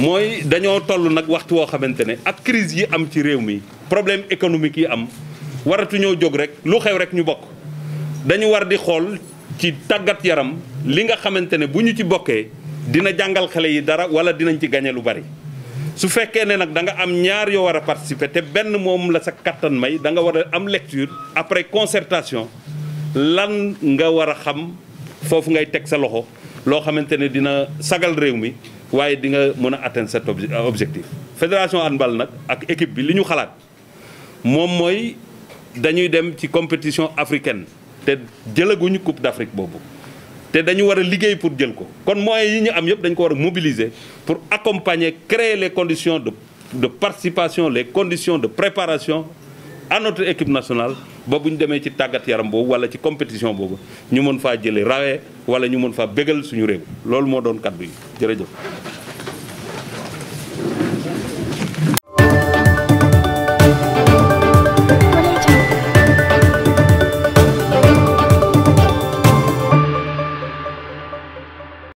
mooy dañoo toll nag waxtu woo xamante ne ak crise yi am ci réew mi problème économique yi am waratuñoo jóg rek lu xew rek ñu bokk dañu war di xool ci tàggat yaram li nga xamante ne bu ñu ci bokkee dina jàngal xale yi dara wala dinañ ci gañe lu bari su fekkee ne nag da nga am ñaar yoo war a participer te benn moom la sa kattan may da nga war a am lecture après consertation lan nga war a xam foofu ngay teg sa loxo loo xamante ne dina sagal réew mi waye di nga mëna atteindre cet euh, objectif. fédération handball nak ak équipe bi liñu xalat mom moy dañuy dem ci compétition africaine té jëlaguñu coupe d'Afrique Nous té dañu wara a pour jël ko kon moy yi ñu am dañ ko wara mobiliser pour accompagner créer les conditions de de participation les conditions de préparation à notre équipe nationale ba bu ñu demee ci tagat yaram bobu wala ci compétition bobu ñu mëna fa jëlee wala ñu mën fa bégal suñu réew loolu moo doon kaddu yi jërëjëf